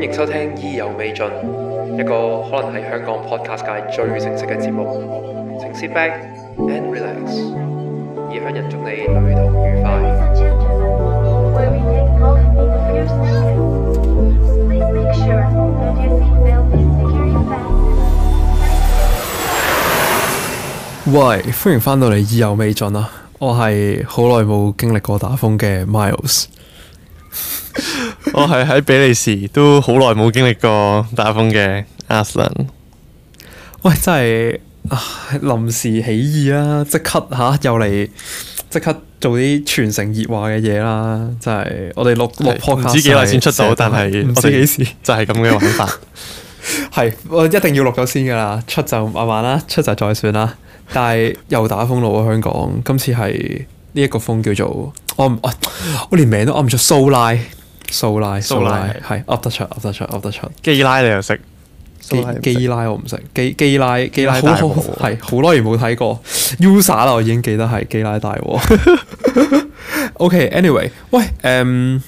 歡迎收聽《意猶未盡》，一個可能喺香港 Podcast 界最正式嘅節目。請 sit Back and Relax，異鄉人祝你旅途愉快。喂，歡迎翻到嚟《意猶未盡》啊！我係好耐冇經歷過打風嘅 Miles。我係喺比利時都好耐冇經歷過打風嘅，阿倫。喂，真係臨時起意啦,即刻吓又嚟，即刻做啲全城熱話嘅嘢啦！真係，我哋錄錄唔知幾耐先出到，但係我唔知幾時就係咁嘅玩法。係 我一定要錄咗先噶啦，出就慢慢啦，出就再算啦。但係又打風咯香港，今次係呢一個風叫做我我我連名都我唔出蘇拉。蘇拉，蘇拉係，up 得出，up 得出，up 得出。基拉你又識，基基拉我唔識，基基拉基拉大王係，好多年冇睇過 USA 啦，我已經記得係基拉大王。OK，Anyway，喂，誒，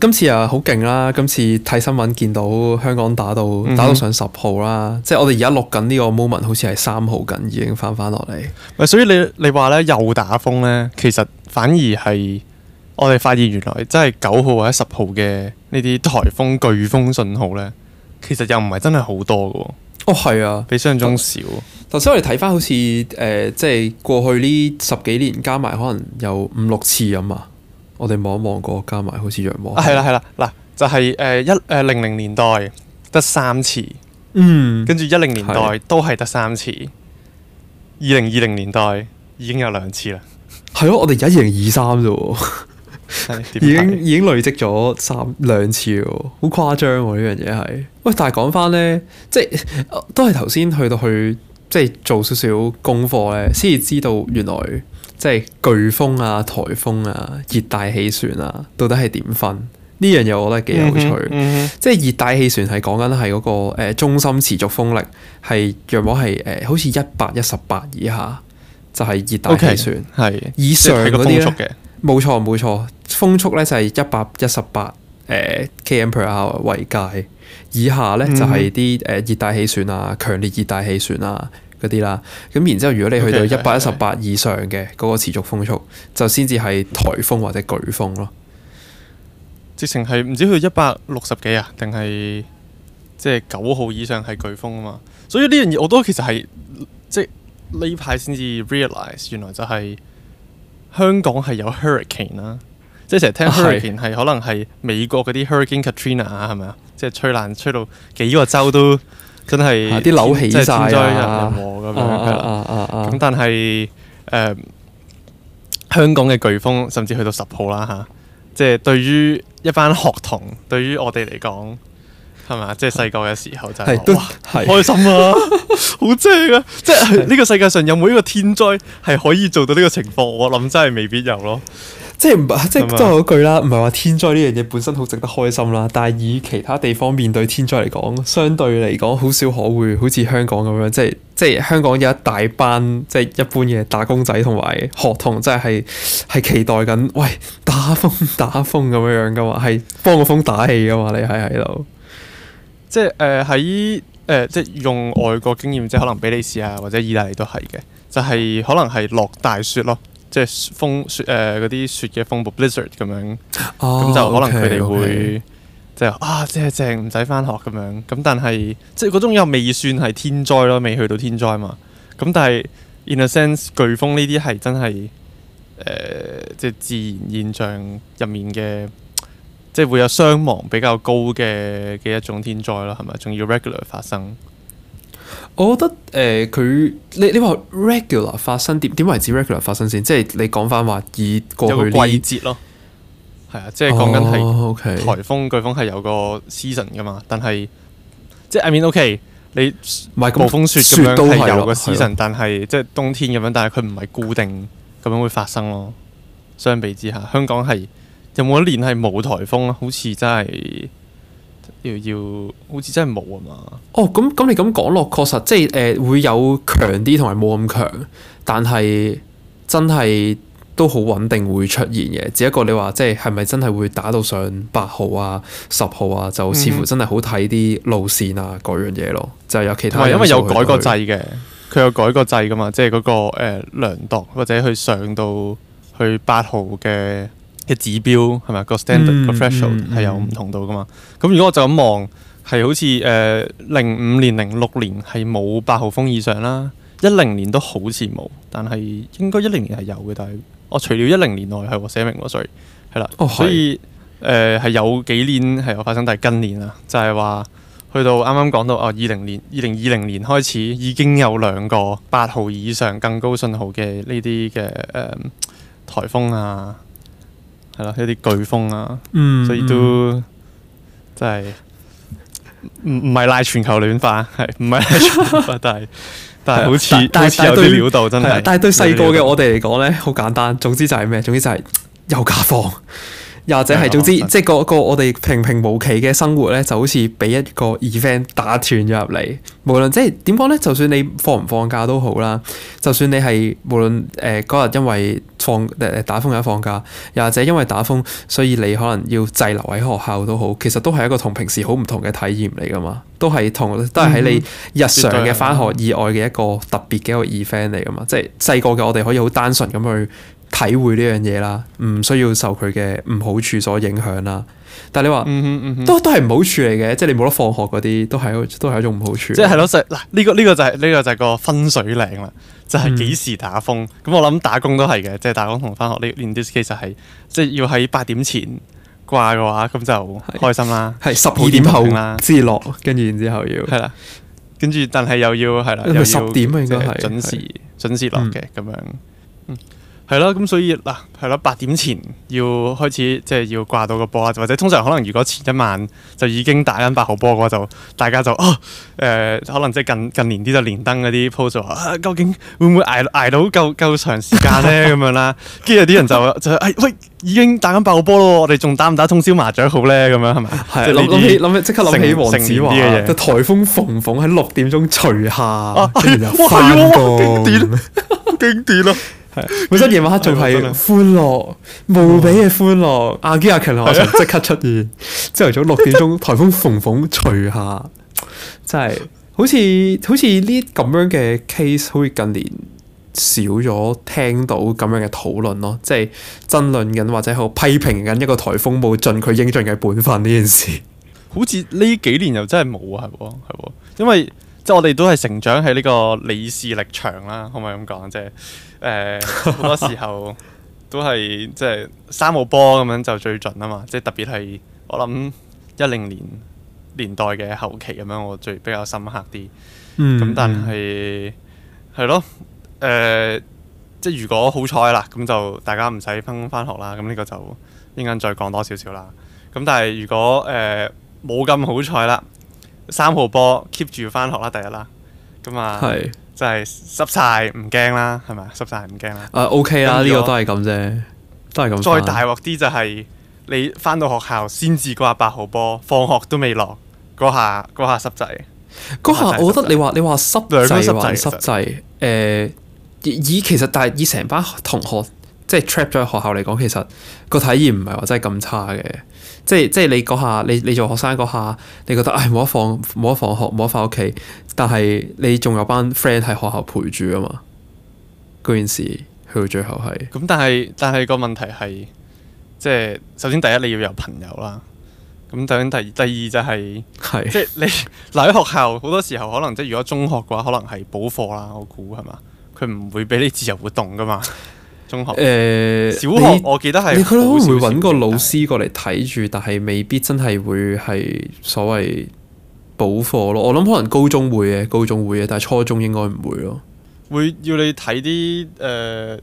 今次啊好勁啦，今次睇新聞見到香港打到打到上十號啦，即係我哋而家錄緊呢個 moment，好似係三號緊，已經翻翻落嚟。喂，所以你你話咧又打風咧，其實反而係。我哋發現原來真係九號或者十號嘅呢啲颱風、颶風信號呢，其實又唔係真係好多嘅。哦，係啊，比想像中少。頭先我哋睇翻好似誒、呃，即係過去呢十幾年加埋可能有五六次咁啊。我哋望一望過加埋，好似約莫。啊，係啦、啊，係啦，嗱，就係、是、誒、呃、一誒零零年代得三次，嗯，跟住一零年代、啊、都係得三次，二零二零年代已經有兩次啦。係咯、啊，我哋而家二零二三啫。 已經已經累積咗三兩次喎，好誇張喎呢樣嘢係。喂，但係講翻呢，即係都係頭先去到去即係做少少功課呢，先至知道原來即係颶風啊、颱風啊、熱帶氣旋啊，到底係點分呢樣嘢？我覺得幾有趣。嗯嗯、即係熱帶氣旋係講緊係嗰個誒中心持續風力係若果係誒好似一百一十八以下就係熱帶氣旋係、okay，以上啲冇錯冇錯，風速咧就係一百一十八誒 kilometre per hour 為界，以下咧就係啲誒熱帶氣旋啊、強、嗯、烈熱帶氣旋啊嗰啲啦。咁然之後，如果你去到一百一十八以上嘅嗰個持續風速，嗯嗯嗯、就先至係颱風或者颶風咯。直情係唔知去一百六十幾啊，定係即係九號以上係颶風啊嘛。所以呢樣嘢我都其實係即係呢排先至 realize 原來就係、是。香港係有 hurricane 啦、啊，即係成日聽 hurricane 係可能係美國嗰啲 hurricane Katrina 啊，係咪啊？即係吹爛吹到幾個州都真係啲樓起曬啊！咁樣係啦，咁但係誒、呃、香港嘅颶風甚至去到十號啦嚇、啊，即係對於一班學童對於我哋嚟講。係嘛？即係細個嘅時候就都哇是開心啊， 好正啊！即係是呢是個世界上有冇一個天災係可以做到呢個情況？我諗真係未必有咯。即係唔係即係都係嗰句啦，唔係話天災呢樣嘢本身好值得開心啦。但係以其他地方面對天災嚟講，相對嚟講好少可會好似香港咁樣。即係即係香港有一大班即係一般嘅打工仔同埋學童，真係係係期待緊喂打風打風咁樣樣噶嘛？係幫個風打氣噶嘛？你係喺度。即係誒喺誒即係用外國經驗，即係可能比利時啊或者意大利都係嘅，就係、是、可能係落大雪咯，即係風雪誒嗰啲雪嘅風暴 blizzard 咁樣，咁、哦、就可能佢哋會就 okay, okay. 啊即係正唔使翻學咁樣，咁但係即係嗰種又未算係天災咯，未去到天災嘛，咁但係 in a sense 颶風呢啲係真係誒、呃、即係自然現象入面嘅。即係會有傷亡比較高嘅嘅一種天災咯，係咪？仲要 regular 發生？我覺得誒，佢你你話 regular 發生點點為之 regular 發生先？即係你講翻話以過去季節咯，係啊，即係講緊係台風颶風係有個 season 噶嘛，但係即係 I mean OK，你唔係暴風雪咁樣都係有個 season，但係即係冬天咁樣，但係佢唔係固定咁樣會發生咯。相比之下，香港係。有冇一年係冇颱風啊？好似真係要要，好似真係冇啊嘛。哦，咁咁你咁講落，確實即係誒、呃、會有強啲，同埋冇咁強，但係真係都好穩定會出現嘅。只不過你話即係係咪真係會打到上八號啊、十號啊，就似乎真係好睇啲路線啊嗰、嗯、哼樣嘢咯。就係、是、有其他有因為有改過制嘅，佢有改過制噶嘛，即係嗰、那個、呃、量度或者去上到去八號嘅。嘅指標係咪、個 standard 嗯、個 threshold 係有唔同到噶嘛？咁、嗯、如果我就咁望係好似誒零五年、零六年係冇八號風以上啦，一零年都好似冇，但係應該一零年係有嘅，但係我、哦、除了一零年內係我寫明咯，Sorry, 哦、所以係啦，所以誒係有幾年係有發生，但係今年啊，就係、是、話去到啱啱講到啊二零年二零二零年開始已經有兩個八號以上更高信號嘅呢啲嘅誒颱風啊。係咯，一啲颶風啊，嗯、所以都真係唔唔係賴全球暖化，係唔係賴全球暖化， 但係但係好似好似有啲料到真係，但係對細個嘅我哋嚟講咧，好簡單。總之就係咩？總之就係有假放。又或者係，總之、嗯、即係個個我哋平平無奇嘅生活咧，就好似俾一個 event 打斷咗入嚟。無論即係點講咧，就算你放唔放假都好啦，就算你係無論誒嗰日因為放誒打風而放假，又或者因為打風，所以你可能要滯留喺學校都好，其實都係一個同平時好唔同嘅體驗嚟㗎嘛。都係同都係喺你日常嘅返學以外嘅一個特別嘅一個 event 嚟㗎嘛。即係細個嘅我哋可以好單純咁去體會呢樣嘢啦，唔需要受佢嘅唔好處所影響啦。但係你話、嗯嗯，都都係唔好處嚟嘅，即係你冇得放學嗰啲，都係都係一種唔好處。即係係咯，嗱、呢、呢個呢、呢個就係、係、呢、呢個就係個分水嶺啦，就係、係、幾時打風咁、嗯嗯。我諗打工都係嘅，即、就、係、係、打工同翻學呢呢啲其實係即係要喺八點前掛嘅話，咁就開心啦。係十二點後啦，先落，跟住然之後,然後,然後要係啦，跟住但係又要係啦，因為十點啊應該係準時準時落嘅咁樣。嗯嗯係咯，咁所以嗱，係咯，八點前要開始，即係要掛到個波啊，或者通常可能如果前一晚就已經打緊八號波嘅話，就大家就哦誒、呃，可能即係近近年啲就連登嗰啲 post 話，究竟會唔會挨挨到夠夠長時間咧咁樣啦？跟住啲人就就誒、哎、喂，已經打緊八號波咯，我哋仲打唔打通宵麻雀好咧？咁樣係咪？想些即係諗起諗起即刻諗起黃子華嘅嘢。就台風逢逢喺六點鐘除下，跟住就翻工、啊哎，經典啊！經典啊！本身夜晚黑仲係歡樂，無比嘅歡樂。阿基阿強阿祥即刻出現，朝頭早六點鐘台風鳳鳳除下，真係好似好似呢咁樣嘅 case，好似近年少咗聽到咁樣嘅討論咯，即係爭論緊或者好批評緊一個台風冇盡佢應盡嘅本分呢件事，好似呢幾年又真係冇啊，係冇，係因為。即係我哋都係成長喺呢個李氏力場啦，可唔可以咁講？即係誒好多時候都係即係三號波咁樣就最準啊嘛！即係特別係我諗一零年年代嘅後期咁樣，我最比較深刻啲。咁、嗯嗯、但係係咯，誒、呃、即係如果好彩啦，咁就大家唔使返工返學啦。咁呢個就一陣間再講多少少啦。咁但係如果誒冇咁好彩啦。呃三號波 keep 住要翻學啦，第一啦，咁、嗯、是啊，真係濕晒唔驚啦，係咪？濕晒唔驚啦，啊 OK 啦，呢個都係咁啫，都係咁。再大鑊啲就係、是、你翻到學校先至掛八號波，放學都未落，嗰下嗰下濕滯，嗰下我覺得你話你話濕滯還濕滯，誒，以其實，以其實但係以成班同學即係 trap 咗喺學校嚟講，其實個體驗唔係話真係咁差嘅。即係即係你嗰下，你你做學生嗰下，你覺得唉冇得放冇得放學冇得翻屋企，但係你仲有班 friend 喺學校陪住啊嘛。嗰件事去到最後係。咁但係但係個問題係，即係首先第一你要有朋友啦。咁首先第二第二就係、係，是即係你留喺學校好多時候可能即係如果中學嘅話，可能係補課啦，我估係嘛，佢唔會俾你自由活動噶嘛。 中學誒，呃、小學我記得係你，你會會搵個老師過嚟睇住，但係是未必真係會係所謂補課咯。我諗可能高中會嘅，高中會嘅，但係初中應該唔會咯。會要你睇啲誒，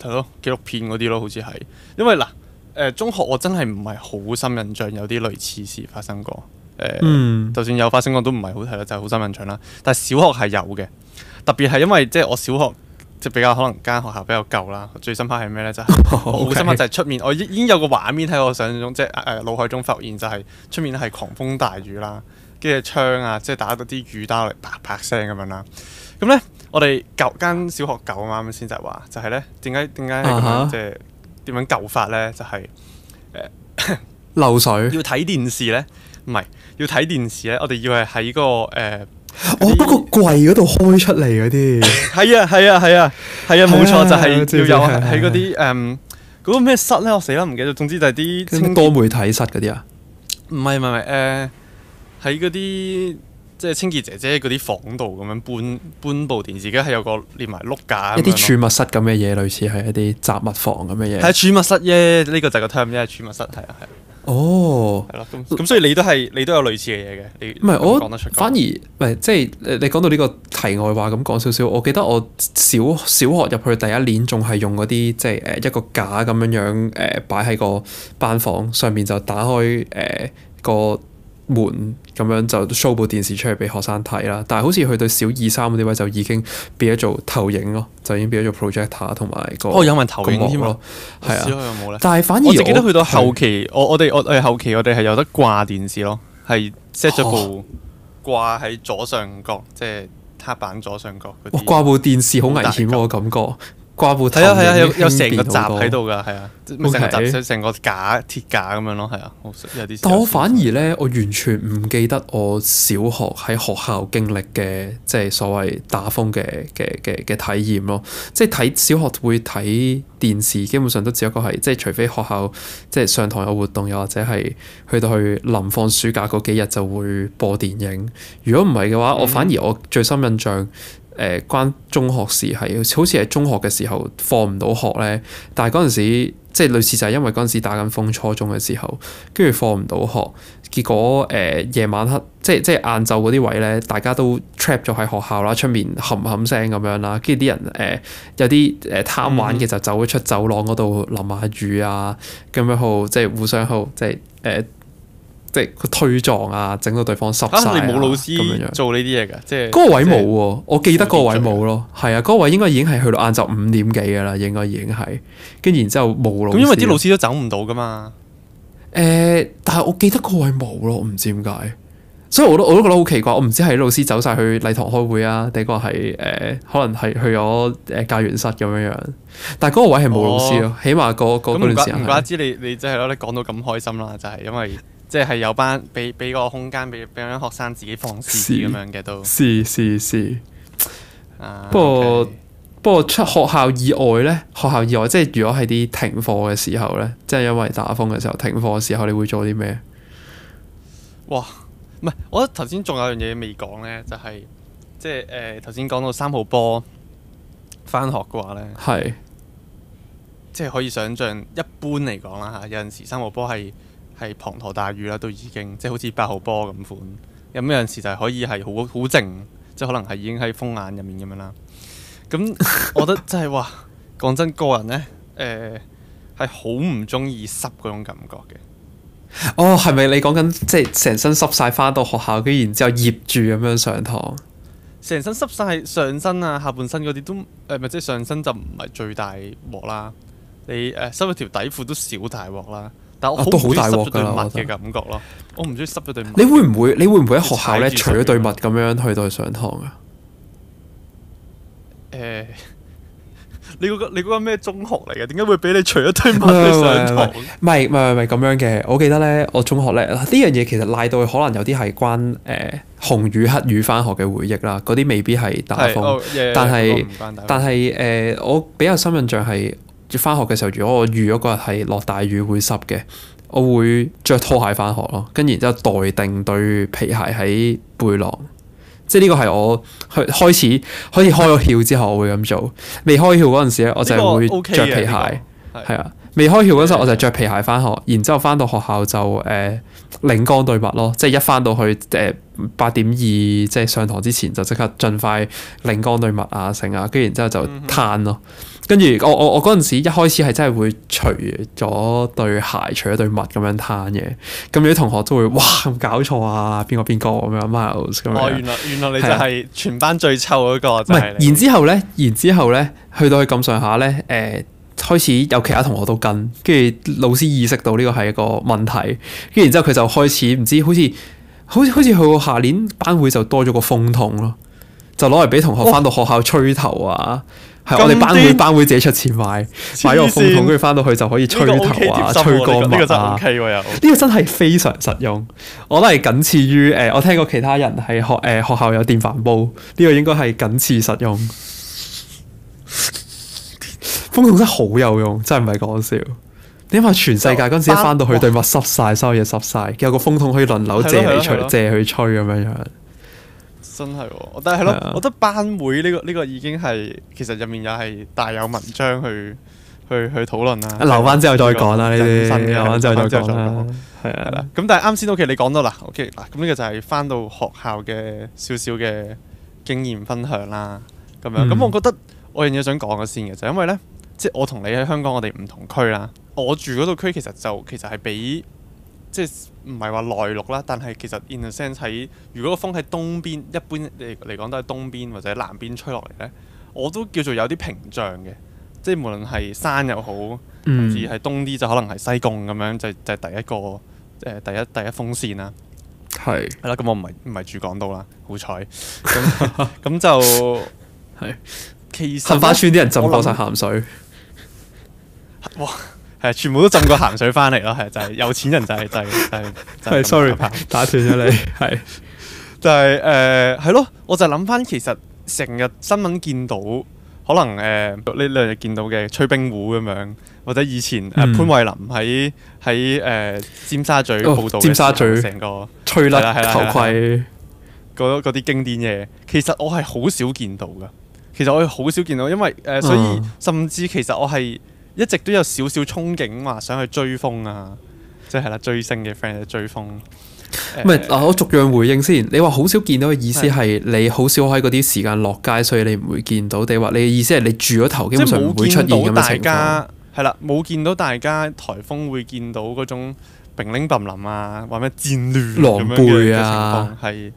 係咯紀錄片嗰啲咯，好似係。因為嗱，誒、呃、中學我真係唔係好深印象，有啲類似事發生過。誒、呃，嗯、就算有發生過都唔係好睇啦，就係、是、好深印象啦。但係小學係有嘅，特別係因為即係我小學。就比較可能間學校比較舊啦。最深刻係咩咧？就係好深刻就係出面，我已已經有個畫面喺我想象中，即係誒腦海中浮現，就係出面咧係狂風大雨啦，跟住窗啊，即係打到啲雨打落嚟啪啪聲咁樣啦。咁咧，我哋舊間小學舊啊，啱先就係話、uh huh. 就係咧，點解點解係咁樣即係點樣舊法咧？就係、是、誒、呃、 漏水，要睇電視咧，唔係要睇電視咧，我哋要係喺個誒。呃哦，嗰、那個櫃嗰度開出嚟嗰啲，係啊係啊係啊，係啊冇錯、啊、就係、是、要有喺嗰啲誒，嗰個咩室咧，我死啦唔記得，總之就係啲多媒體室嗰啲啊，唔係唔係唔係誒，喺嗰啲即係清潔姐姐嗰啲房度咁樣搬搬部電視，而家係有個連埋碌架，一啲儲物室咁嘅嘢，類似係一啲雜物房咁嘅嘢，係儲、啊、物室啫，呢、這個就係個 term 啫，儲、就是、物室係啊係。哦，係咯、oh, 嗯，咁所以你都係你都有類似嘅嘢嘅，你唔係我講得出，反而唔係即係你你講到呢個題外話咁講少少，我記得我小小學入去第一年仲係用嗰啲即係誒、呃、一個架咁樣樣誒擺喺個班房上面，就打開誒、呃、個。門咁樣就 show 部電視出嚟俾學生睇啦，但係好似佢對小二三嗰啲位就已經變咗做投影咯，就已經變咗做 projector 同埋個哦，有埋投影添、哦、啊，係啊，但係反而我，我只記得去到後期，對我我哋我係後期我哋係有得掛電視咯，係 set 咗部掛喺左上角，哦、即係黑板左上角。哇、哦，掛部電視好危險喎、啊，但感覺。掛布睇，係啊，有有成個集喺度噶，係啊，冇，成集成個架，鐵架咁樣咯，係啊，有啲。但我反而咧， 我完全唔記得我小學喺學校經歷嘅，即係所謂打風嘅嘅嘅嘅體驗咯。即係睇小學會睇電視，基本上都只不過係，即係除非學校即係上堂有活動，又或者係去到去臨放暑假嗰幾日就會播電影。如果唔係嘅話，嗯、我反而我最深印象。誒、呃、關中學時係好似係中學嘅時候放唔到學咧，但係嗰陣時即係類似就係因為嗰陣時打緊風，初中嘅時候跟住放唔到學，結果誒夜、呃、晚黑即係即係晏晝嗰啲位咧，大家都 trap 咗喺學校啦，出面冚冚聲咁樣啦，跟住啲人誒、呃、有啲誒、呃、貪玩嘅就走咗出走廊嗰度淋下雨啊，咁樣好即係互相好即係誒。呃即係個推撞啊，整到對方濕曬冇老師咁樣樣。做呢啲嘢㗎，即係嗰個位冇喎。是我記得個位冇咯，係啊，嗰、那個位應該已經係去到晏晝五點幾㗎啦，應該已經係。跟住然後之後冇老師。咁因為啲老師都走唔到㗎嘛。誒、欸，但係我記得個位冇咯，唔知點解。所以我都我都覺得好奇怪，我唔知係老師走晒去禮堂開會啊，定個係誒、呃、可能係去咗誒教員室咁樣樣。但係嗰個位係冇老師咯，哦、起碼、那個嗰段時間。唔怪之你你即係咯，你，你講到咁開心啦，就係、是、因為。即係有班俾俾個空間俾俾學生自己放肆咁樣嘅都是，是是是 不過。不過不過出學校以外呢？學校以外即係如果係啲停課嘅時候呢？即係因為打風嘅時候停課嘅時候，時候你會做啲咩？哇！唔係，我覺得頭先仲有樣嘢未講呢，就係、是、即係誒頭先講到三號波翻學嘅話呢，係是即係可以想像一般嚟講啦嚇，有陣時三號波係。係滂沱大雨啦，都已經即係好似八號波咁款。咁、嗯、有陣時就係可以係好好靜，即係可能係已經喺風眼入面咁樣啦。咁我覺得 真係話講真個人呢，誒係好唔中意濕嗰種感覺嘅。哦，係咪你講緊即係成身濕晒翻到學校，跟住然之後醃住咁樣上堂？成身濕晒上身啊，下半身嗰啲都誒，唔、呃、即係上身就唔係最大鑊啦。你誒濕咗條底褲都少大鑊啦。都好大鑊噶啦，我覺得。我唔中意濕咗對襪嘅感覺咯。我唔中意濕咗對襪。你會唔會？你會唔會喺學校咧？除咗對襪咁樣去到上堂啊？誒、呃，你嗰、嗰個你嗰個咩中學嚟嘅？點解會俾你除咗對襪去上堂課？唔係唔係唔係咁樣嘅。我記得咧，我中學咧呢樣嘢其實賴到可能有啲係關誒、嗯、紅雨黑雨翻學嘅回憶啦。嗰啲未必係打風，嗯、但係是、嗯嗯、但係誒、嗯，我比較深印象係。翻學嘅時候，如果我預咗嗰日係落大雨會濕嘅，我會着拖鞋翻學咯。跟住然之後待定對皮鞋喺背囊，即係呢個係我去開， 開始開始開咗竅之後我會咁做。未開竅嗰陣時咧，我就係會着皮鞋，係啊。未開竅嗰陣，我就着皮鞋翻學。 然之後翻到學校就誒擰乾對襪咯，即係一翻到去誒八點二即係上堂之前就即刻盡快擰乾對襪啊，成啊。跟住然之後就攤咯。嗯跟住我我我嗰陣時一開始係真係會除咗對鞋除咗對襪咁樣攤嘅，咁有啲同學都會哇咁搞錯啊，邊個邊個咁樣 miles 咁樣。哦，原來原來你就係全班最臭嗰個。唔係、啊，然之後咧，然之後咧，去到咁上下咧，誒、呃，開始有其他同學都跟，跟住老師意識到呢個係一個問題，跟住然之後佢就開始唔知好似好似好似去到下年班會就多咗個風筒咯，就攞嚟俾同學翻到學校吹頭啊。係我哋班會班會自己出錢買買個風筒，跟住翻到去就可以吹頭啊、吹乾襪啊。呢、啊、個真係、OK、非常實用，我都係僅次於誒、呃，我聽過其他人係學誒、呃、學校有電飯煲，呢、這個應該係僅次於實用。 風筒真係好有用，真係唔係講笑。點解全世界嗰陣時一翻到去對襪濕晒，所有嘢濕晒，有個風筒可以輪流借嚟吹，借去吹咁樣樣。真係喎、哦，但係咯，Yeah. 我覺得班會呢、呢個呢、呢個已經係其實入面又係大有文章去去去討論啦。留翻之後再講啦，呢啲。留翻之後再講啦。係係啦。咁啦啦但係啱先，OK，你講到啦。OK，嗱，咁呢個就係翻到學校嘅少少嘅經驗分享啦。咁樣，咁、mm. 我覺得我有嘢想講嘅先嘅就係、是、因為呢，即、就、係、是、我同你喺香港，我哋唔同區啦。我住嗰度區其實就其實係比。即係唔係話內陸啦，但係其實 in the sense 喺如果個風喺東邊，一般嚟嚟講都係東邊或者南邊吹落嚟咧，我都叫做有啲屏障嘅。即係無論係山又好，甚至係東啲就可能係西貢咁樣，就就是、係第一個誒、呃、第一第一風線啦、啊。係係啦，咁我唔係唔係住港島啦，好彩咁咁就係。其實杏花 村啲人浸落曬鹹水。哇！係，全部都浸過鹹水翻嚟咯，係就係有錢人就係、係、就係、係、就係、係就係、 ，sorry 打斷咗你，係就係誒係咯，我就諗翻其實成日新聞見到，可能誒呢兩日見到嘅吹冰壺咁樣，或者以前、嗯、潘慧琳喺喺誒尖沙咀報道、哦、尖沙咀成個吹甩嘴 的頭盔，嗰嗰啲經典嘢，其實我係好少見到嘅，其實我係好少見到，因為誒、呃，所以甚至其實我係。一直都有少少憧憬，話想去追風啊，即係啦，追星嘅 friend 去追風。唔係嗱，我逐樣回應先。你話好少見到嘅意思係，你好少喺嗰啲時間落街，所以你唔會見到。定話你嘅意思係你住咗頭，基本上唔會出現咁嘅情況？係啦，冇見到大家颱風會見到嗰種乒呤乓啷啊，話咩戰亂、狼狽啊，係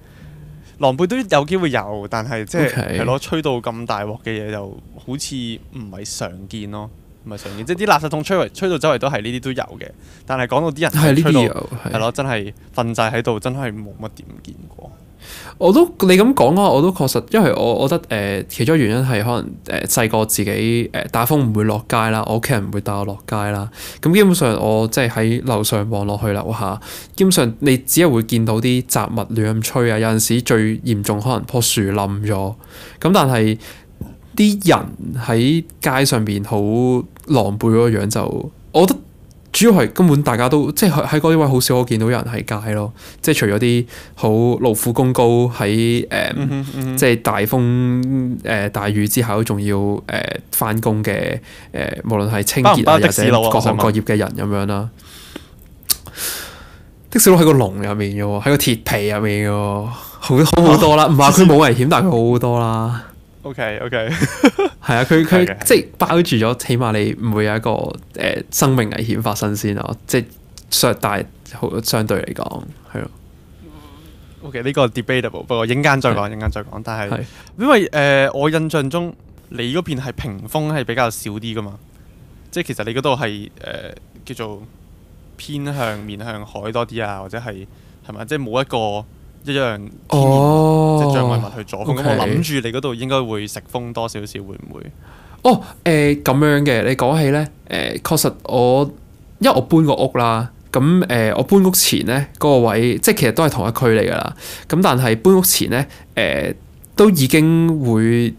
狼狽都有機會有，但係即係係咯，吹到咁大鑊嘅嘢，就好似唔係常見咯。唔係常見，即係啲垃圾桶吹嚟吹到周圍都係呢啲都有嘅。但係講到啲人係呢啲，係咯的，真係瞓晒喺度，真係冇乜點見過。我都你咁講啊，我都確實，因為我覺得誒、呃、其中原因係可能誒細個自己誒打風唔會落街啦，我屋企人唔會帶我落街啦。咁基本上我即係喺樓上望落去樓下，基本上你只係會見到啲雜物亂吹啊。有陣時最嚴重可能棵樹冧咗。咁但係啲人喺街上邊好。狼狽嗰個樣就，我覺得主要係根本大家都即係喺嗰啲位好少，我見到有人喺街咯，即係除咗啲好勞苦功高喺誒，嗯嗯嗯、即係大風誒、呃、大雨之後仲要誒翻工嘅誒，無論係清潔或者各行 各業嘅人咁樣啦嗎。的士佬喺個籠入面嘅喎，喺個鐵皮入面嘅喎，好好好多啦。唔係佢冇危險，但係佢好好多啦。O K O K，係啊，佢佢即係包住咗，起碼你唔會有一個誒、呃、生命危險發生先咯，即係削大相對嚟講係咯。O K，呢個 debatable，不過陣間再講，陣間的再講。但係的因為誒、呃，我印象中你嗰邊係屏風係比較少啲㗎嘛，即係其實你嗰度係誒叫做偏向面向海多啲啊，或者係係咪？即係冇一個。一樣天然即係將物去阻，咁、oh, okay. 我諗住你嗰度應該會食風多少少，會唔會？哦、oh, 呃，誒咁樣嘅，你講起咧，誒、呃、確實我，因為我搬過屋啦，咁誒、呃、我搬屋前咧嗰、嗰個位，即係其實都係同一區嚟㗎喇，咁但係搬屋前咧，誒、呃、都已經會。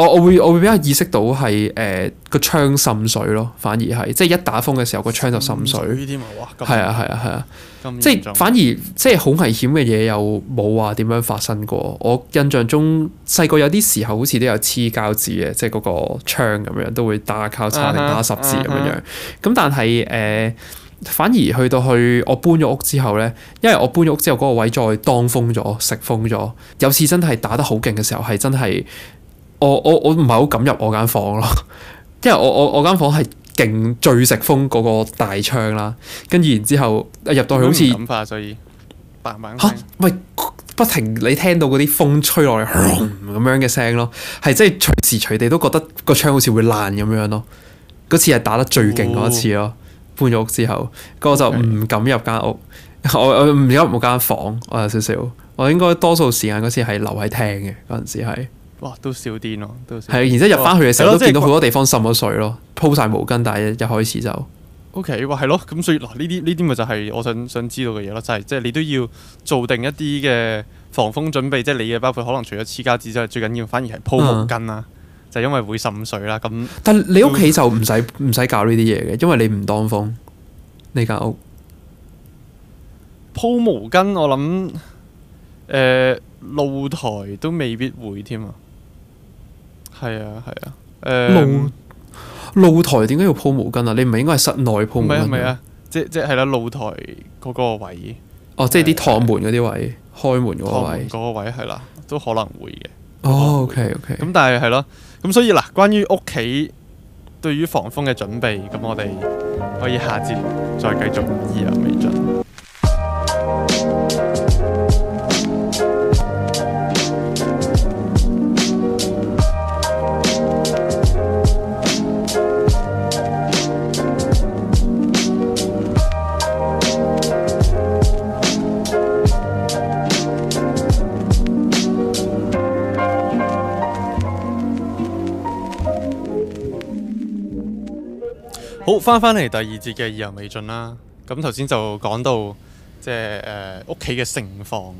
我我會我會比較意識到係誒個窗滲水咯，反而係即係一打風嘅時候，個窗就滲水。呢啲咪哇，係啊係啊係啊，啊啊啊即係反而即係好危險嘅嘢又冇話點樣發生過。我印象中細個有啲時候好似都有黐膠紙嘅，即係嗰個窗咁樣都會打交叉打十字咁樣。咁、uh huh, uh huh. 但係誒、呃，反而去到去我搬咗屋之後呢，因為我搬咗屋之後嗰、嗰個位再當風咗、食風咗，有次真係打得好勁嘅時候係真係。我我我唔係好敢入我間房咯，因為我我我間房係勁最食風嗰個大窗啦，跟住然之後入到去好似，嚇！喂、啊，不停你聽到嗰啲風吹落嚟咁樣嘅聲咯，係真係隨時隨地都覺得個窗好似會爛咁樣咯。嗰次係打得最勁嗰次咯，哦、搬咗屋之後，咁、那、我、個、就唔敢入間屋。Okay. 我我唔敢入間房，我有少少。我應該多數時間嗰次係留喺廳嘅嗰陣時係。哇，都少啲咯，都係，然之後入翻去嘅時候、哦、都見到好多地方滲咗水咯，嗯、鋪晒毛巾，但係一開始就，O、okay, K，哇，係咯，咁所以嗱，呢啲呢啲咪就係我想想知道嘅嘢咯，就係即係你都要做定一啲嘅防風準備，即、就、係、是、你嘅，包括可能除咗黐膠紙之外，最緊要反而係鋪毛巾啦。嗯、就因為會滲水啦。咁但你屋企就唔使唔使搞呢啲嘢嘅，因為你唔當風呢間屋鋪毛巾，我諗誒、呃、露台都未必會添啊。係啊係啊，誒、啊呃、露露台點解要鋪毛巾啊？你唔係應該係室內鋪毛巾嘅咩？唔係啊，即即係啦，露台嗰個位，哦，即係啲趟門嗰啲位，啊、開門嗰個位，嗰位係啦、啊，都可能會嘅。哦，OK OK，咁、嗯、但係係咯，咁、啊、所以嗱，關於屋企對於防風嘅準備，咁我哋可以下節再繼續意猶未盡。好，翻翻嚟第二節嘅意猶未盡啦。咁頭先就講到即係誒屋企嘅盛況，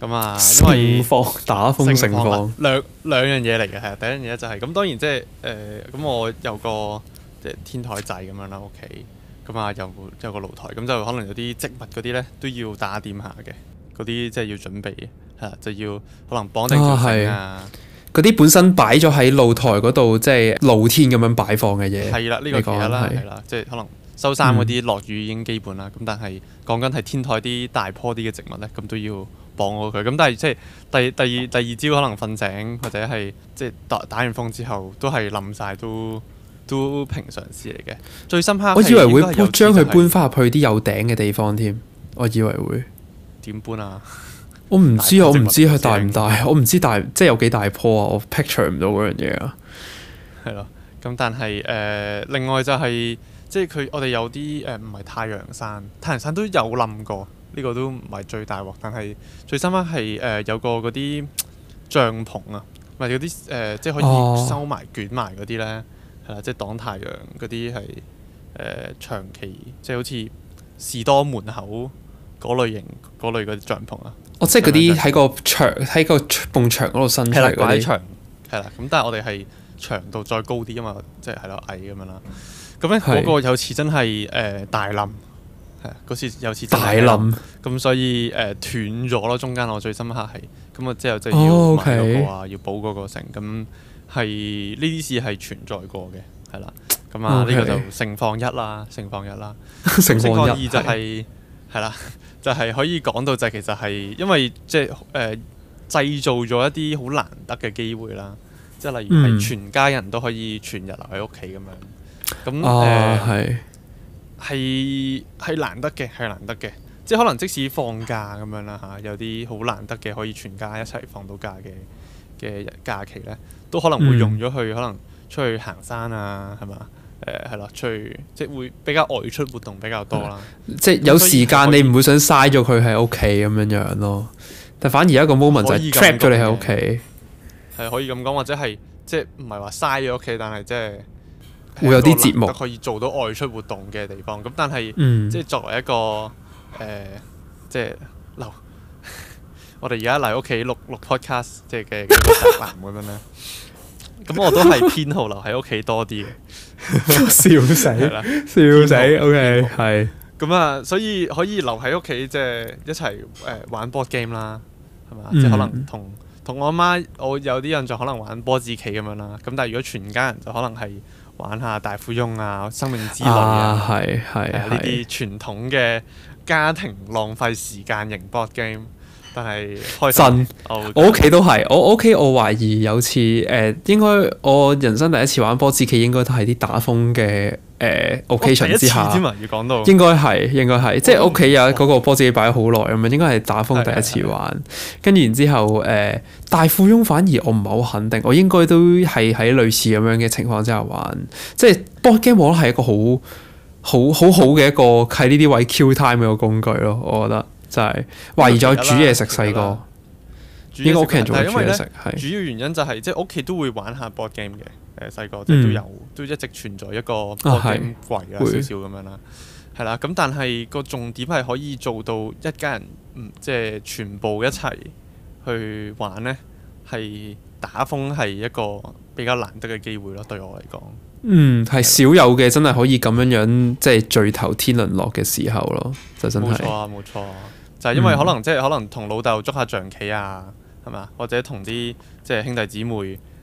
咁啊，因為放打風盛況兩兩樣嘢嚟嘅，係啊。第一樣嘢就係、是、咁，當然即係誒咁我有個即係天台仔咁樣啦，屋企咁啊有有個露台，咁就可能有啲植物嗰啲咧都要打掂下嘅，嗰啲即係要準備嘅吓、啊，就要可能綁定住啊，啊嗰啲本身擺咗喺露台嗰度，即係露天咁樣擺放嘅嘢，係啦，呢個其實啦，係啦，即係可能收衫嗰啲，嗯、落雨已經基本啦。咁但係講緊係天台啲大棵啲嘅植物咧，咁都要綁好佢。咁但係即係第第二第二朝可能瞓醒或者係即係打打完風之後，都係冧晒。都都平常事嚟嘅。最深刻，我以為會將佢搬翻入去啲有頂嘅地方添。我以為會點搬啊？我唔知啊！我唔知佢大唔大，我唔知大即係有幾大坡啊！我 picture 唔到嗰樣嘢啊，係咯。咁但係誒、呃，另外就係、是、即係佢我哋有啲誒唔係太陽山，太陽山都有冧過呢、這個都唔係最大鑊。但係最深刻係誒、呃、有個嗰啲帳篷啊，或者有啲誒即係可以收埋捲埋嗰啲咧係啦，即係擋太陽嗰啲係誒長期即係好似士多門口嗰類型嗰類嘅帳篷啊。哦，即係嗰啲喺個牆喺個蹦牆嗰度伸出嗰啲牆，係啦。咁但係我哋係長度再高啲啊嘛，即係係咯矮咁樣那那是、呃、啦。咁咧嗰個有次真係誒大冧，係嗰次有次大冧嵐。咁所以誒斷咗咯，中間我最深刻係咁啊，之後就要買嗰、那、啊、個，oh, okay. 要補嗰、那個成。咁係呢啲事係存在過嘅，係啦。咁啊呢 Okay. 個就盛況一啦，盛況一啦。盛況二就係係啦。對是就係可以講到就係其實係因為即係誒製造咗一啲好難得嘅機會啦，即係例如係全家人都可以全日留喺屋企咁樣，咁誒係係係難得嘅係難得嘅，即係可能即使放假咁樣啦嚇、啊，有啲好難得嘅可以全家一齊放到假嘅嘅假期咧，都可能會用咗去、嗯、可能出去行山啊，係嘛？誒係咯，最即係會比較外出活動比較多啦、嗯。即係有時間你唔會想嘥咗佢喺屋企咁樣樣咯。但反而一個 moment 就 trap 咗你喺屋企。係可以咁講，或者係即係唔係話嘥咗屋企，但係即係會有啲節目可以做到外出活動嘅地方。咁但係、嗯、即係作為一個誒、呃，即係嗱， 我哋而家嚟屋企錄錄 podcast，即係嘅嘅版本咁咁 我都係偏好留喺屋企多啲嘅,， 了笑死，係啦號，笑死，OK，係。咁啊是，所以可以留喺屋企，即係一齊誒、呃、玩 board game 啦，係嘛，嗯、即係可能同同我阿媽，我有啲印象可能玩波子棋咁樣啦。咁但係如果全家人就可能係玩下大富翁啊、生命之旅啊，係係呢啲傳統嘅家庭浪費時間型 board game。但係真神、oh, okay.，我屋企都係我屋企。我懷疑有次誒、呃，應該我人生第一次玩波子棋，應該都係啲打風嘅誒 occasion 之下。一次之嘛，要講到。應該係，應該係，即係屋企有嗰個波子棋擺咗好耐咁樣，哦、應該係打風第一次玩。跟住、哦、然之後，誒、呃、大富翁反而我唔係好肯定，我應該都係喺類似咁樣嘅情況之下玩。即係波 game 我覺得係一個好好好好嘅一個喺呢啲位 Q time 嘅工具咯，我覺得。就係懷疑咗煮嘢食細個，依個屋企人仲煮嘢食，主要原因就係、是、即係屋企都會玩下 board game 嘅。誒細個即係都有，都一直存在一個 board game 櫃啦，少少咁樣啦，係啦。咁但係個重點係可以做到一家人，即係全部一齊去玩呢，係打風係一個比較難得嘅機會咯。對我嚟講，嗯，係少有嘅，真係可以咁樣樣即係聚頭天倫樂嘅時候咯，就真係冇錯啊。就係因為可能即係可能同老豆捉下象棋啊，係嘛？或者同啲即係兄弟姊妹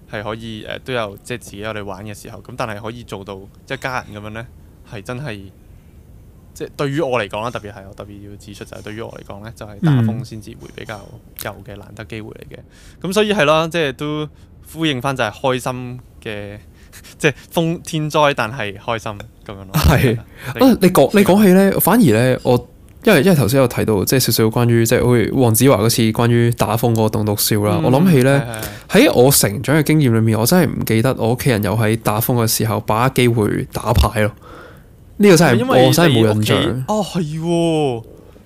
係可以誒、呃、都有即係自己落嚟玩嘅時候，咁但係可以做到即係、就是、家人咁樣呢，係真係即係對於我嚟講啦，特別係我特別要指出就係、是、對於我嚟講呢，就係打風先至會比較有嘅難得機會嚟嘅。咁、嗯、所以係咯，即、就、係、是、都呼應翻就係開心嘅，即係風天災，但係開心咁 樣咯。係你講你講起呢，反而呢。我。因為因為頭先有提到，即係少少關於即係好似黃子華嗰次關於打風嗰個棟篤笑啦，嗯、我諗起咧喺是我成長嘅經驗裏面，我真係唔記得我屋企人有喺打風嘅時候把握機會打牌咯。呢、這個真係我真係冇印象。哦，係，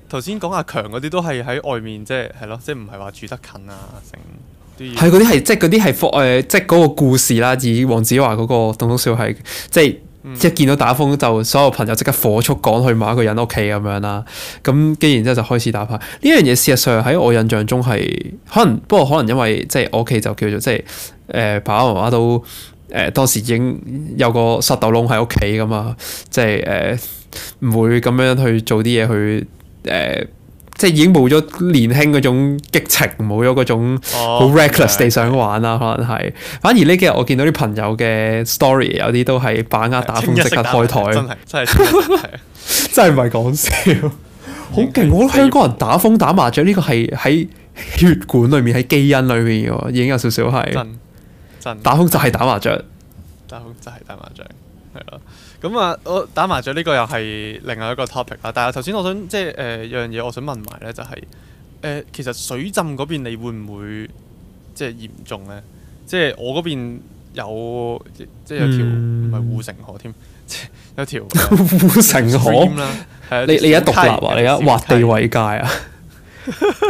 頭先講阿強嗰啲都係喺外面，即係係咯，即係唔係話住得近啊，成係嗰啲係即係嗰啲係，誒，即係嗰個故事啦。以黃子華嗰個棟篤笑係即係。即係見到打風就所有朋友即刻火速趕去某一個人屋企咁樣啦，咁既然之後就開始打牌。呢樣嘢事實上喺我印象中係可能，不過可能因為即係我屋企就叫做即係，誒爸爸媽媽都誒、呃、當時已經有個塞豆窿喺屋企㗎嘛，即係誒唔會咁樣去做啲嘢去誒。呃即係已經冇咗年輕嗰種激情，冇咗嗰種好 reckless 地想玩啦，可能係。反而呢幾日我見到啲朋友嘅 story，有啲都係把握打風即刻開台，真係真係，真係唔係講笑，好勁！ 我覺得香港人打風打麻雀呢個係喺血管裏面，喺基因裏面嘅，已經有少少係打風就係打麻雀，打風就係打麻雀，係咯。咁啊，我打麻雀呢個又係另外一個 topic 啦。但係頭先我想即係誒有樣嘢我想問埋咧，就係誒、呃、其實水浸嗰邊你會唔會即係嚴重咧？即係我嗰邊有即係有條唔係護城河添，即有條護、啊、城河添啦。你你而家獨立啊？你而家劃地為界啊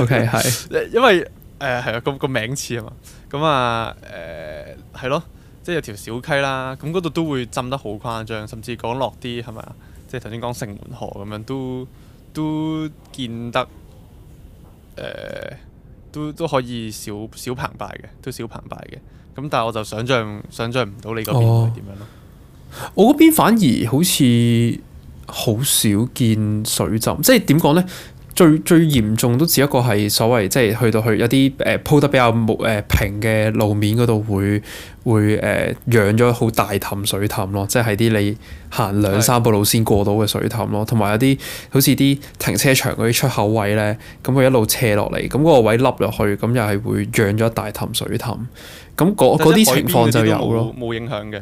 ？OK 係 是，因為誒、呃、係啊個個名似啊嘛。咁啊誒係咯。即係有條小溪啦，咁嗰度都會浸得好誇張，甚至講落啲係咪啊？即係頭先講城門河咁樣，都都見得誒、呃，都都可以少少澎湃嘅，都少澎湃嘅。咁但係我就想像想像唔到你嗰邊會點樣咯、哦。我嗰邊反而好似好少見水浸，即係點講呢？最最嚴重都只不過係所謂，即係去到去有啲誒鋪得比較木誒平嘅路面嗰度會會誒養咗好大氹水氹咯，即係啲你行兩三步路先過到嘅水氹咯，同埋是有啲好似啲停車場嗰啲出口位呢，咁佢一路斜落嚟，咁、那、嗰個位凹落去，咁又係會養咗一大氹水氹。咁嗰啲情況就有咯，冇影響嘅。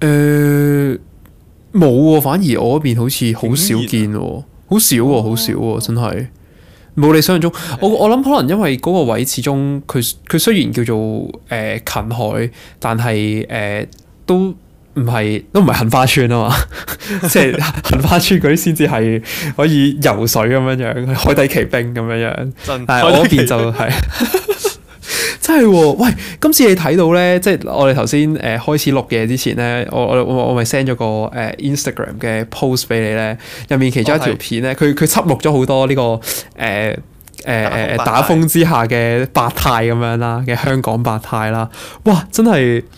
誒冇喎，反而我嗰邊好似好少見喎、啊。好少喎、啊，好少喎、啊，真係冇你想象中。嗯、我我諗可能因為嗰個位，始終佢佢雖然叫做誒近、呃、海，但係誒、呃、都唔係都唔係杏花村啊嘛。即係杏花村嗰啲先至係可以游水咁樣樣， 海底奇兵咁樣樣。真 但係我見就係。 真係喎！喂，今次你睇到咧，即係我哋頭先誒開始錄嘢之前咧，我我我我咪 send 咗個誒、呃、Instagram 嘅 post 俾你咧，入面其中一條片咧，佢佢輯錄咗好多呢個誒誒誒打風之下嘅百態咁樣啦，嘅香港百態啦，哇！真係～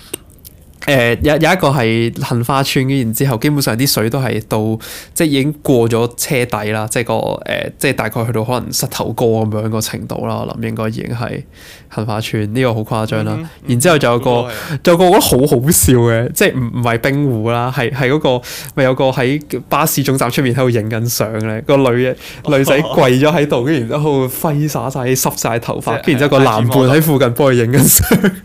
誒有、呃、有一個係杏花村，跟然之後基本上啲水都係到即係已經過咗車底啦，即係個誒、呃、即係大概去到可能膝頭哥咁樣個程度啦，我諗應該已經係杏花村呢、呢個好誇張啦。嗯、哼然之後就有個就、嗯嗯、有個覺得好好笑嘅，即係唔唔係冰湖啦，係係嗰個咪、嗰個嗰個、有個喺巴士總站出面喺度影緊相咧，個女嘅 女仔跪咗喺度，跟然之後揮灑晒濕晒頭髮，跟 然之後個男伴喺附近幫佢影緊相。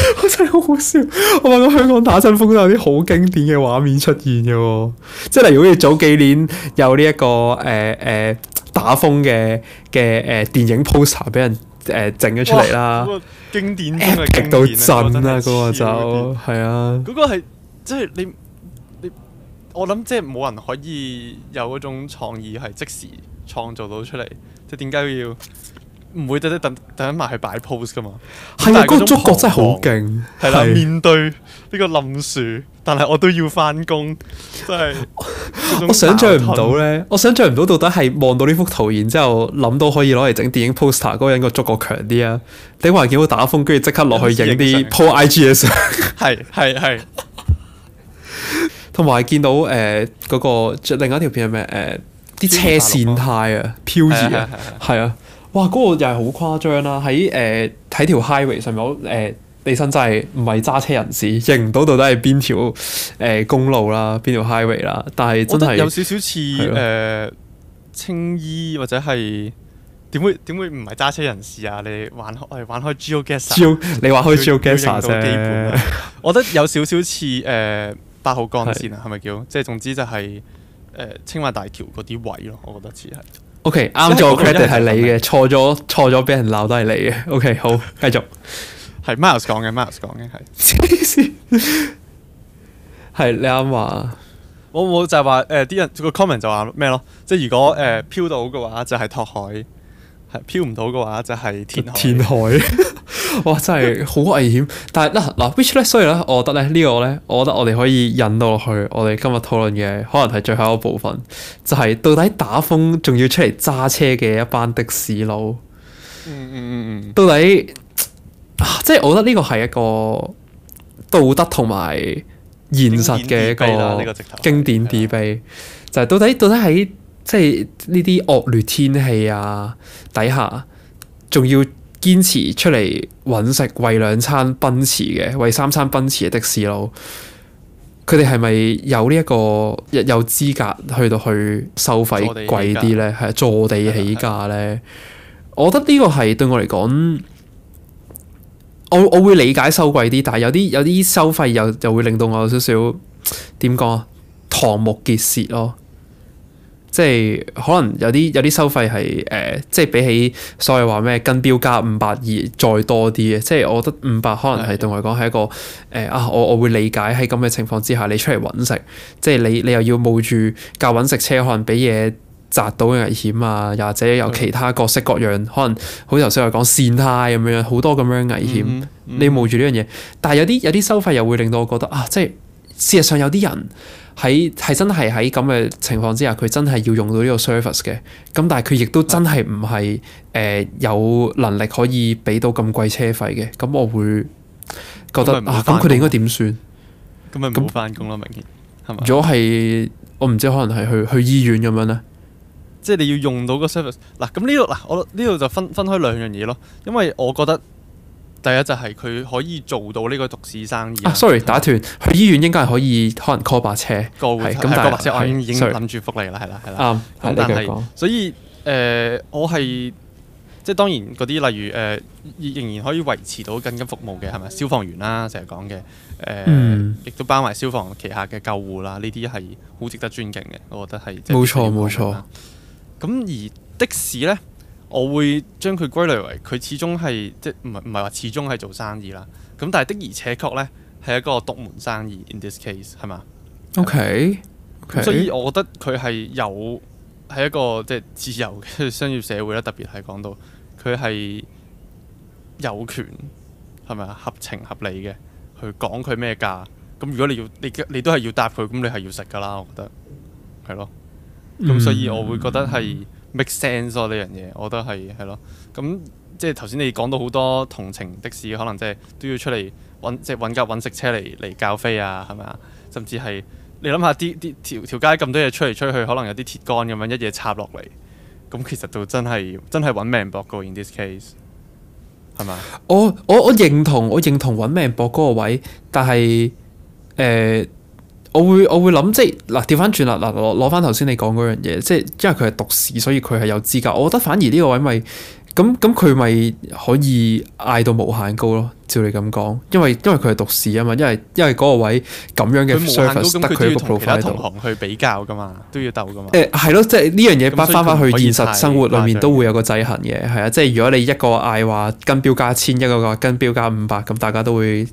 我真係好好笑，我發覺香港打春風都有啲好經典嘅畫面出現嘅喎，即係例如好似早幾年有呢、這、一個誒誒、呃呃、打風嘅嘅誒電影 poster 俾人誒整咗出嚟啦，那個、經典,經典、啊、到震啦嗰個就係 啊，嗰個係、就是、即係你你我諗即係冇人可以有嗰種創意係即時創造到出嚟，即係點解要？唔會得得等等埋去擺 pose 噶嘛？係啊，嗰個觸覺真係好勁。係啦，面對呢個冧樹，但係我都要翻工，真係我想象唔到咧。我想象唔到到底係望到呢幅圖，然之後諗到可以攞嚟整電影 poster 嗰個人個觸覺強啲啊！定話見到打風，跟住即刻落去影啲 po IG 嘅相。係係係。同埋見到誒嗰個，另一條片係咩？誒啲車線太啊，飄移啊，係啊。哇！嗰、那個又係好誇張啦、啊，喺誒睇條 highway 上面，我、呃、地生真係唔係揸車人士，認唔到到底係邊條誒、呃、公路啦，邊條 highway 啦。但係我覺得有少少似誒青衣或者係點會點會唔係揸車人士啊？你玩開我哋玩開 GeoGuessr，Geo、啊、你玩開 GeoGuessr、啊、基本。我覺得有少少似誒八號幹線啊，係咪叫？即係總之就係誒青馬大橋嗰啲位咯，我覺得似係。O K，啱咗 credit 係你嘅，錯咗錯咗俾人鬧都係你嘅。O K，好，繼續，係 Miles 講嘅，Miles 講嘅係，係 你啱話，我冇就係話誒，啲人個 comment 就話咩咯，即係如果誒飄到嘅話就係托海。係飄唔到嘅話就係天海天海，天海 哇真係好危險！但係嗱嗱，which 咧，所以咧，我覺得咧呢個咧，我覺得我哋可以引到落去，我哋今日討論嘅可能係最後一個部分，就係、是、到底打風仲要出嚟揸車嘅一班的士佬、嗯，嗯嗯嗯嗯，到底即係、啊就是、我覺得呢個係一個道德同埋現實嘅一個經典 D B，就係、是、到底到底喺。即係呢啲惡劣天氣啊，底下仲要堅持出嚟搵食，喂兩餐奔馳嘅，喂三餐奔馳嘅的士佬，佢哋係咪有呢一個有資格去到去收費貴啲呢？係坐地起價呢？我覺得呢個係對我嚟講，我我會理解收貴啲，但係有啲有啲收費又又會令到我有少少點講，瞠目結舌咯。即係可能有啲有啲收費係誒，即係比起所謂話咩跟標價五百二再多啲嘅，即係我覺得五百可能係是的 對我嚟講係一個誒啊、呃，我我會理解喺咁嘅情況之下，你出嚟搵食，即係你你又要冒住架搵食車可能俾嘢砸到嘅危險啊，又或者有其他各式各樣是的 可能好，好似頭先我講善太咁樣，好多咁樣危險，嗯嗯嗯你冒住呢樣嘢，但係有啲有啲收費又會令到我覺得啊，即係事實上有啲人。喺係真係喺咁嘅情況之下，佢真係要用到呢個 service 嘅。咁但係佢亦都真係唔係誒有能力可以俾到咁貴車費嘅。咁我會覺得會啊，咁佢哋應該點算？咁咪唔好翻工咯，那明顯。如果係我唔知，可能係去去醫院咁樣咧。即係你要用到個 service 嗱，咁呢度嗱，我呢度就分分開兩樣嘢咯，因為我覺得。第一就係佢可以做到呢個獨市生意。啊，sorry，打斷，去醫院應該係可以可能 call 白車，個護，係咁，但係已經諗住福利啦，係啦，係啦。啱，但係，所以誒，我係即係當然嗰啲例如誒，仍然可以維持到緊急服務嘅，係咪消防員啦？成日講嘅誒，亦都包埋消防旗下嘅救護啦，呢啲係好值得尊敬嘅，我覺得係。冇錯，冇錯。咁而的士呢？我會將佢歸類為佢始終係即唔係唔係話始終係做生意啦，咁但係的而且確呢，係一個獨門生意。In this case 係嘛？OK, okay. 所以我覺得佢係有係一個即係自由商業社會啦。特別係講到佢係有權係咪，合情合理嘅去講佢咩價。咁如果你要你你都係要答佢。咁你係要食㗎啦。我覺得係咯。咁所以我會覺得係。嗯 make sense 咯呢樣嘢，我都係係咯。咁即係頭先你講到好多同情的士，可能即係都要出嚟揾即係揾架揾食車嚟，嚟教飛啊，係咪啊？甚至係你諗下啲啲條條街咁多嘢出嚟出去，可能有啲鐵杆咁樣一夜插落嚟，咁其實就真係真係揾命搏過 In this case 係咪？我我我認同我認同揾命搏嗰個位，但係誒。呃我會我會諗，即係嗱，調翻轉啦，嗱，攞攞翻頭先你講嗰樣嘢，即係因為佢係獨市，所以佢係有資格。我覺得反而呢個位咪咁咁，佢咪可以嗌到無限高咯，照你咁講，因為因為佢係獨市啊嘛，因為因為嗰個位咁樣嘅 service 得佢一個同行喺度去比較噶嘛，都要鬥噶嘛。誒，係咯，即係呢樣嘢擺翻翻去現實生活裡面都會有個制衡嘅，係啊。即係如果你一個嗌話跟標價千一個個話跟標價五百，咁大家都會。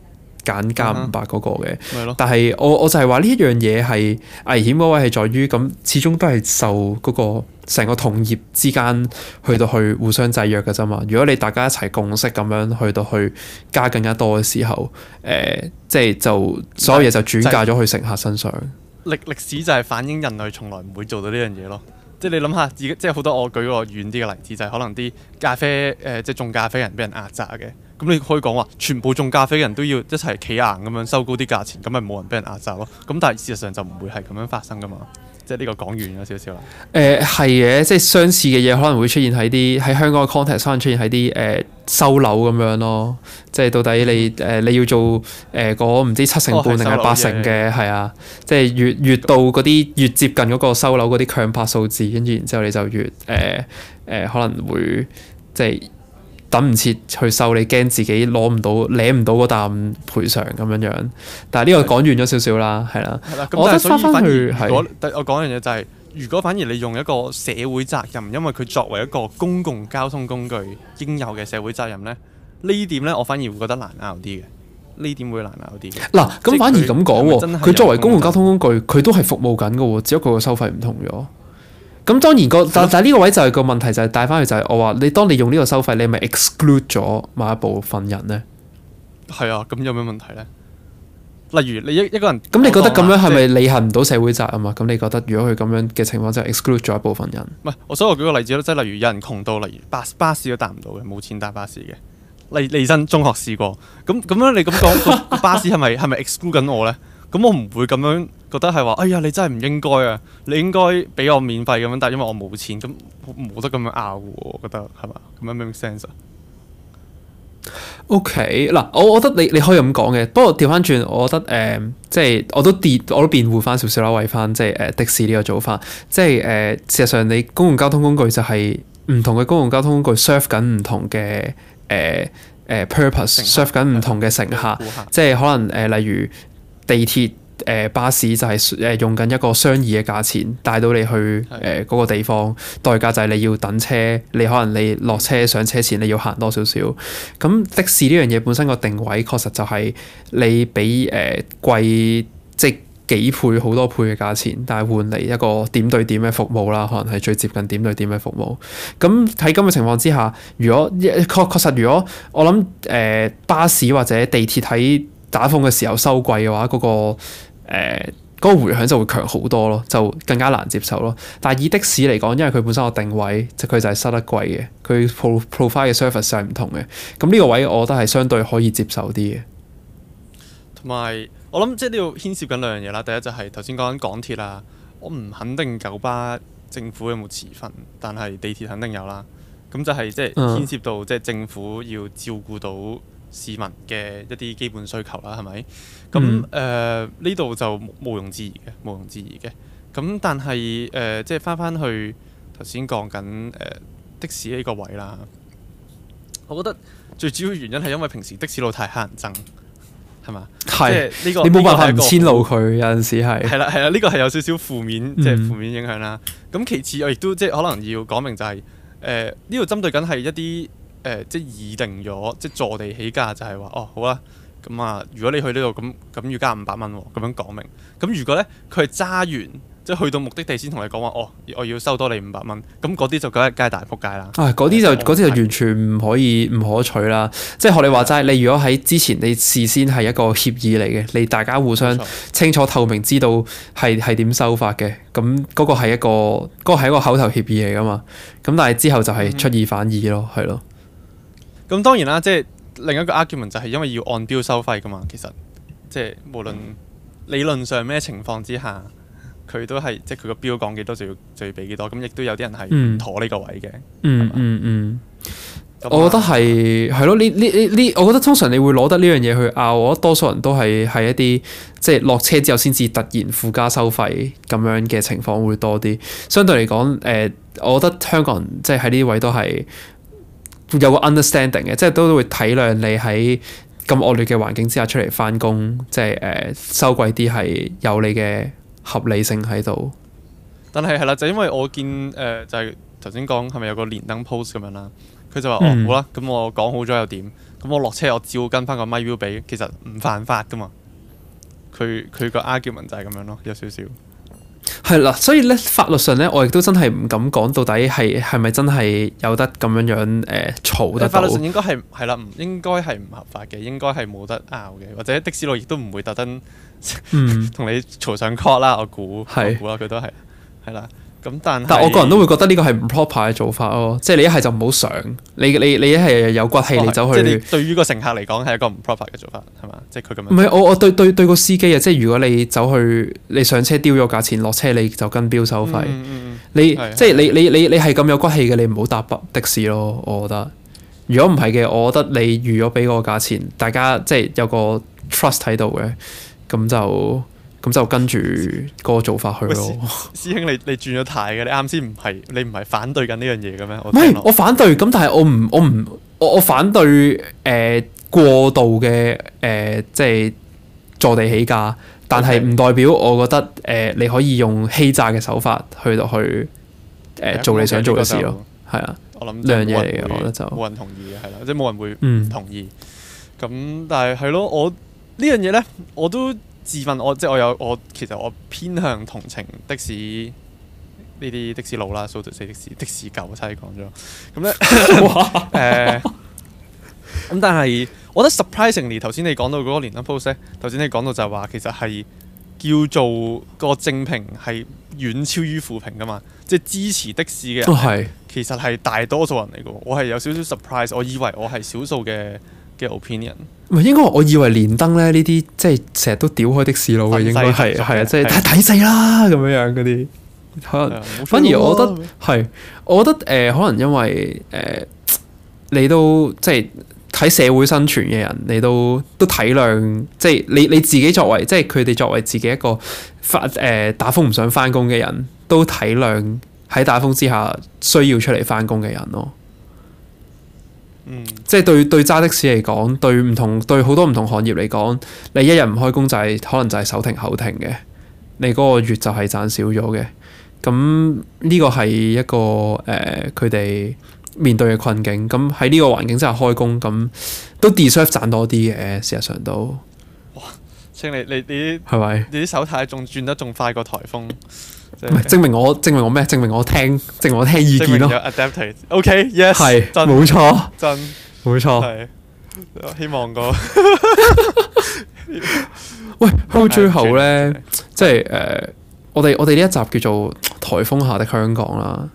揀加五百嗰個嘅，嗯、哼但係我我就係話呢一樣嘢係危險嗰位係在於咁，始終都係受嗰、那個成個同業之間去到去互相制約嘅啫嘛。如果你大家一齊共識咁樣去到去加更加多嘅時候，誒、呃、即係就所有嘢就轉嫁咗去乘客身上。歷歷史就係反映人類從來唔會做到呢樣嘢咯。即係你諗下，而即係好多我舉個遠啲嘅例子，就係、是、可能啲咖啡誒、呃、即係種咖啡人俾人壓榨嘅。咁你可以講話，全部種咖啡嘅人都要一齊企硬咁樣收高啲價錢，咁咪冇人俾人壓榨咯。咁但係事實上就唔會係咁樣發生噶嘛。即係呢個講完咗少少啦。誒係嘅，即係相似嘅嘢可能會出現喺啲喺香港嘅 context 可能出現喺啲誒收樓咁樣咯。即係到底你誒、呃、你要做誒嗰唔知七成半定係、哦、八成嘅係啊？即係越越到嗰啲越接近嗰個收樓嗰啲強拍數字，跟住然之後你就越誒誒、呃呃、可能會即係。等唔切去收，你驚自己攞唔到、領唔到嗰啖賠償咁樣樣。但係呢個講完咗少少啦，係啦的。的所以我覺得翻返去，我我講樣嘢就係，如果反而你用一個社會責任，因為佢作為一個公共交通工具應有嘅社會責任咧，呢點咧我反而會覺得難拗啲嘅。呢點會難拗啲。嘅、啊。嗱，咁反而咁講喎，佢作為公共交通工具，佢都係服務緊㗎喎，只不過佢嘅收費唔同咗。咁當然個，但但呢個位就係個問題就係、係、帶翻去就係我話你，當你用呢個收費，你係咪 exclude 咗某一部分人呢？係啊，咁有咩問題呢？例如你一一個人，咁你覺得咁樣係咪履行唔到社會責任啊？咁你覺得如果佢咁樣嘅情況就係、exclude 咗一部分人？唔係，我想我舉個例子啦，即、就、係、係、例如有人窮到例如 b 巴士都搭唔到嘅，冇錢搭巴士嘅，你你真中學試過。咁咁樣你咁講， 巴士係咪係咪 exclude 緊我呢？咁我唔會咁樣。覺得係話，哎呀，你真係唔應該啊！你應該俾我免費咁樣，但係因為我冇錢，咁冇得咁樣拗嘅喎，我覺得係嘛？咁樣 make sense 啊？OK，嗱，我我覺得你你可以咁講嘅，不過調翻轉，我覺得誒、呃，即係我都辯我都辯護翻少少啦，為翻即係誒、呃、的士呢個做法，即係誒、呃，事實上你公共交通工具就係唔同嘅公共交通工具 serve 緊唔同嘅誒誒、呃、purpose，serve 緊唔同嘅乘客，即係、嗯嗯嗯嗯、可能誒、呃，例如地鐵。巴士就係用緊一個相宜嘅價錢帶到你去誒嗰個地方，的代價就係你要等車，你可能你落車上車前你要行多少少。咁的士呢樣嘢本身個定位確實就係你俾誒、呃、貴即幾倍好多倍嘅價錢，但係換嚟一個點對點嘅服務啦，可能係最接近點對點嘅服務。咁喺噉嘅情況之下，如果確確實，如果我諗誒、呃、巴士或者地鐵喺打風嘅時候收貴嘅話，嗰、那個。誒嗰、呃嗰個迴響就會強好多咯，就更加難接受咯。但係以的士嚟講，因為佢本身個定位，即佢就係收得貴嘅，佢 pro profile 嘅 service 係唔同嘅。咁呢個位，我覺得係相對可以接受啲嘅。同埋我諗，即係都要牽涉緊兩樣嘢啦。第一就係頭先講緊港鐵啊，我唔肯定九巴政府有冇持份，但係地鐵肯定有啦。咁就係即係牽涉到即係、嗯、政府要照顧到。市民嘅一啲基本需求啦，係咪？咁誒呢度就毋庸置疑嘅，毋庸置疑嘅。咁但係誒、呃，即係翻翻去頭先講緊誒的士呢個位啦。嗯、我覺得最主要原因係因為平時的士路太黑人憎，係嘛？係呢是、這個，是個你冇辦法唔遷路佢，有陣時係。係啦，係啦，呢、嗯、個係有少少負面，即、就、係、是、負面影響啦。咁其次我亦都即係可能要講明就係誒呢度針對緊係一啲。誒即係擬定咗，即係坐地起價就係、是、話哦好啦，咁啊如果你去呢度咁咁要加五百蚊喎，咁樣講明。咁如果咧佢係揸完，即係去到目的地先同你講話哦，我要收多你五百蚊。咁嗰啲就梗係梗係大仆街啦。嗰啲、啊、就啲、嗯、就完全唔可以唔可取啦。即係學你話齋，的你如果喺之前你事先係一個協議嚟嘅，你大家互相清楚錯透明知道係係點收法嘅。咁嗰個係一個嗰、嗰個係一，、嗰個一，嗰個、一個口頭協議嚟噶嘛。咁但係之後就係出爾反爾咯，係咯。咁當然啦，即係另一個 argument 就係因為要按錶收費㗎嘛，其實即係無論理論上咩情況之下，佢都係即係佢個錶講幾多就要就要俾幾多，咁亦都有啲人係唔妥呢個位嘅、嗯吧嗯。嗯嗯嗯，麼我覺得係係咯，呢呢呢呢，我覺得通常你會攞得呢樣嘢去拗，我覺得多數人都係喺一啲即係落車之後先至突然附加收費咁樣嘅情況會多啲。相對嚟講，誒、呃，我覺得香港人即係喺呢位都係。有個 understanding 嘅，即係都會體諒你喺咁惡劣嘅環境之下出嚟翻工，即係誒、呃、收貴啲係有你嘅合理性喺度。但係係啦，就因為我見誒、呃、就係頭先講係咪有個連登 post 咁樣啦，佢就話、嗯、哦好啦，咁我講好咗又點？咁我落車我照跟翻個咪表俾。」其實唔犯法噶嘛。佢佢個 argument 就係咁樣咯，有少少。係啦，所以咧法律上咧，我亦都真係唔敢講到底係係咪真係有得咁樣樣誒、呃，吵得。但係法律上應該係係啦，唔應該係唔合法嘅，應該係冇得拗嘅，或者的士佬亦都唔會特登、嗯，同 你嘈上 court 啦，我估，的我估啦，佢都係，係啦。咁但但我個人都會覺得呢個係唔 proper 嘅做法咯。即係你一係就唔好上，你你你一係有骨氣你走去。哦就是、對於個乘客嚟講係一個唔 proper 嘅做法，係嘛？即係佢咁樣。唔係我我對對對，對個司機啊！即係如果你走去你上車丟咗價錢，落車你就跟標收費。你即係你你你你係咁有骨氣嘅，你唔好搭的士咯。我覺得如果唔係嘅，我覺得你預咗俾個價錢，大家即係有個 trust 喺度嘅，咁就。咁就跟住嗰個做法去咯。師兄，你你轉咗軚嘅，你啱先唔係你唔係反對緊呢樣嘢嘅咩？唔係、欸，我反對。咁但係我唔我唔我我反對誒、呃、過度嘅誒、呃，即係坐地起價。但係唔代表我覺得誒、呃、你可以用欺詐嘅手法去到去誒做你想做嘅事咯。係、okay，啊，我諗呢樣嘢嚟嘅，我覺得就冇人同意嘅，係啦，即係冇人會唔同意。咁、嗯、但係係咯，我樣呢樣嘢咧，我都。我都自問我即係我有我，其實我偏向同情的士呢啲的士佬啦，數到四的士的士九，差啲講咗。咁咧，誒，咁但係，我覺得 surprisingly，頭先你講到嗰個連登 post，頭先你講到就係話，其實係叫做個正評係遠超於負評噶嘛，即係支持的士嘅人，係、哦，其實係大多數人嚟嘅，我係有少少 surprise，我以為我係少數嘅。嘅 opinion，唔係應該，我以為連登咧呢啲，即係成日都屌開的士佬嘅，應該係，係啊，即係睇體勢啦，咁樣樣嗰啲。可能反而我覺得係，我覺得誒、呃、可能因為誒、呃、你都即係喺社會生存嘅人，你都都體諒即係你你自己作為即係佢哋作為自己一個發誒、呃、打風唔想翻工嘅人，都體諒喺打風之下需要出嚟翻工嘅人咯。嗯嗯嗯、即係對對揸的士嚟講，對唔同對好多唔同行業嚟講，你一日唔開工就係、是，可能就係手停口停嘅，你嗰個月就係賺少咗嘅。咁、嗯、呢、這個係一個誒，佢、呃、哋面對嘅困境。咁喺呢個環境之下開工，咁、嗯、都 deserve 賺多啲嘅。事實上都，哇！即係你你啲係咪？你啲吧手太仲轉得仲快過颱風。唔證明我證明我咩？證明我聽證明我聽意見咯。OK，yes，係，冇錯，真冇錯。我希望個 喂，到最後咧，即係誒，我哋我哋呢一集叫做《颱風下的香港》啦。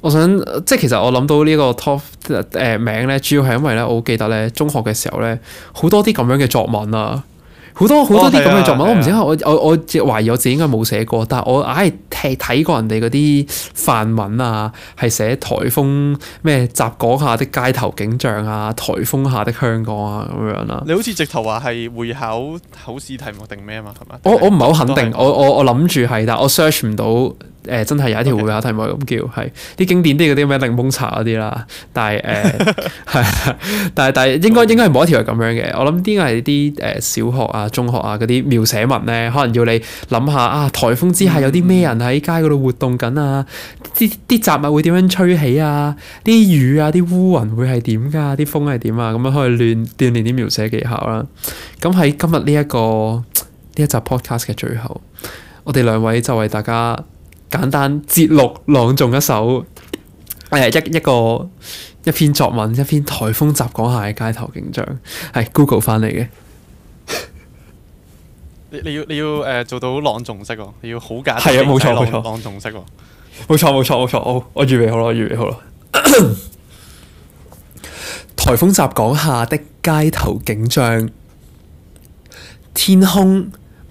我想即係其實我諗到呢個 top 誒名咧，主要係因為咧，我記得咧中學嘅時候咧，好多啲咁樣嘅作文啊。好多好、哦、多啲咁嘅作文，啊、我唔知、啊、我我我懷疑我自己應該冇寫過，但係我唉，睇睇過人哋嗰啲範文啊，係寫颱風咩？雜港下的街頭景象啊，颱風下的香港啊咁樣啦。你好似直頭話係會考考試題目定咩啊嘛，係嘛我？我我唔係好肯定，我我我諗住係，但係我 search 唔到。誒真係有一條會考題目，咁叫係啲經典啲嗰啲咩檸檬茶嗰啲啦，但係誒係，但係但係應該應該係冇一條係咁樣嘅。我諗啲係啲誒小學啊、中學啊嗰啲描寫文咧，可能要你諗下啊，颱風之下有啲咩人喺街嗰度活動緊啊？啲啲、嗯、雜物會點樣吹起啊？啲雨啊、啲烏雲會係點㗎？啲風係點啊？咁樣可以練鍛鍊啲描寫技巧啦。咁喺今日呢一個呢一集 podcast 嘅最後，我哋兩位就為大家，簡單節錄朗誦一首誒、哎、一一個一篇作文一篇颱風襲港下嘅街頭景象，係 Google 翻嚟嘅。 你要你要誒做到朗誦式喎、哦，你要好簡單嘅朗誦式喎，冇錯冇錯冇錯，我、哦、我預備好啦，我預備好啦。 颱風襲港下的街頭景象，天空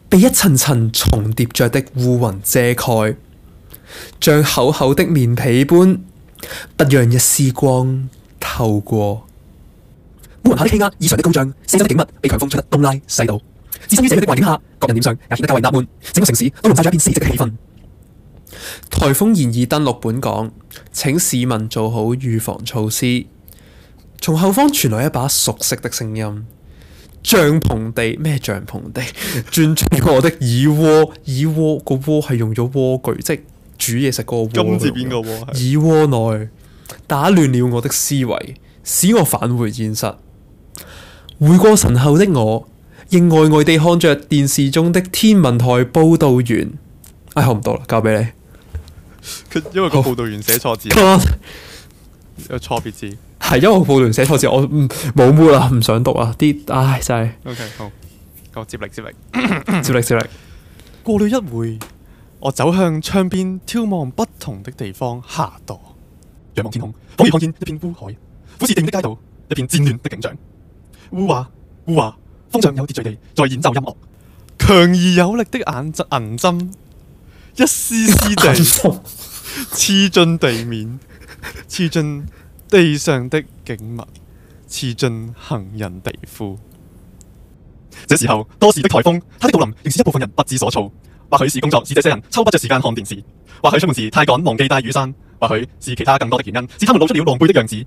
被一層層重疊着的烏雲遮蓋。像厚厚的棉被般，不讓一絲光透過。烏雲下的氣壓，異常的高漲，四周的景物被強風吹得東拉西倒。置身於這樣的環境下，各人臉上也顯得較為納悶。整個城市都籠罩在一片死寂嘅氣氛。台、嗯、風現已登陸本港，請市民做好預防措施。從後方傳來一把熟悉的聲音：帳篷地咩？帳篷地鑽進 我的耳窩，耳窩個窩係用咗鍋具即。煮嘢食嗰個鑊，耳窩內打亂了我的思維，使我返回現實。回過神後的我，仍呆呆地看着電視中的天文台報道員。哎，學唔到啦，交俾你。因為個報道員寫錯字，好 有錯別字。係因為個報道員寫錯字，我唔冇 mood 啦，唔想讀啊。啲唉真係。OK，好，我接力接力接力接力。過了一會。我走向窗邊，眺望不同的地方下墮，仰望天空，仿佛看見一片烏海，俯視定的街道，一片戰亂的景象。嗚哇嗚哇，風像有秩序地在演奏音樂，強而有力的眼銀針，一絲絲地刺進 地面，刺進地上的景物，刺進行人皮膚。這時候，多事的台風，它的到臨，令至一部分人不知所措。或許是工作使這些人抽不着時間看電視，或許出門時太過趕，忘記帶雨傘，或許是其他更多的原因，使他們露出了狼狽的樣子。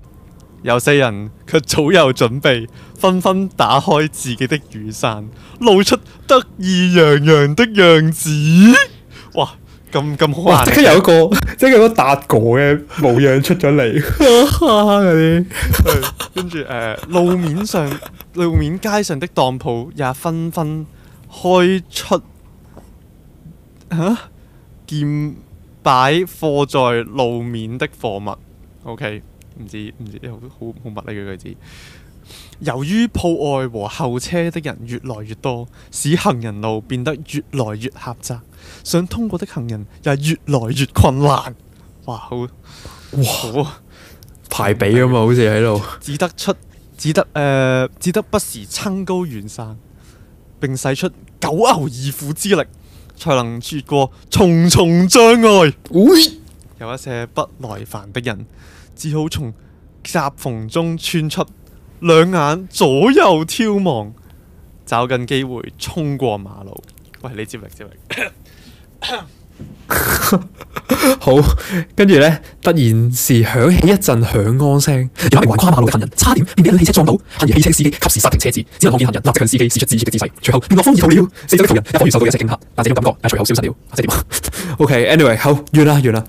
有些人卻早有準備，紛紛打開自己的雨傘，露出得意洋洋的樣子。哇，咁咁好啊！即刻有一個即刻有個達哥嘅模樣出咗嚟。跟住誒，路、呃、面上路面街上的當鋪也紛紛開出。吓！見擺放在路面的貨物，OK，唔知唔知，好好好密呢個句子。由於鋪外和候車的人越來越多，使行人路變得越來越狹窄，想通過的行人又越來越困難。哇，好哇，好排比啊嘛，好似喺度。只得出，只得誒，只、呃、得不時撐高遠山，並使出九牛二虎之力，才能越過重重障礙。喂有一些不耐煩的人，只好從夾縫中穿出，兩眼左右眺望，找緊機會衝過馬路。喂，你接力，接力。 好，跟住呢，突然是響起一陣響安聲，有一名橫跨馬路行人，差點俾一輛汽車撞到，幸而汽車司機及時剎停車子，只能看見行人立即向司機使出致謝的姿勢。隨後便落荒而逃了，四周的途人，一伙元受到驚嚇，但這種感覺但隨後消失了，即係點呀？OK，anyway 好，完啦，完啦，完啦，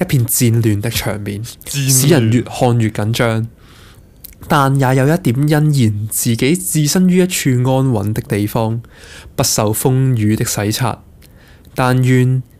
一片戰亂的場面，使戰人越看越緊張，但也有一點欣然，自己置身於一處安穩的地方，不受風雨的洗刷，但願。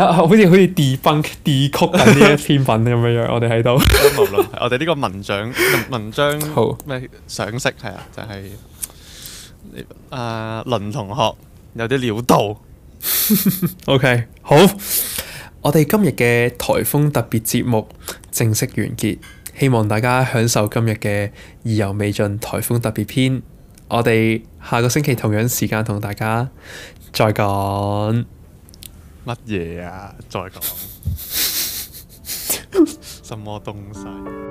好似好似 defunk、def 曲咁啲一篇文咁樣樣，我哋喺度。無論我哋呢個文章、文章好咩賞識係好啊，就係阿倫同學有啲料到。 OK，好，我哋今日嘅颱風特別節目正式完結，希望大家享受今日嘅意猶未盡颱風特別篇。我哋下個星期同樣時間同大家再講。乜嘢啊？再講。 什麼東西？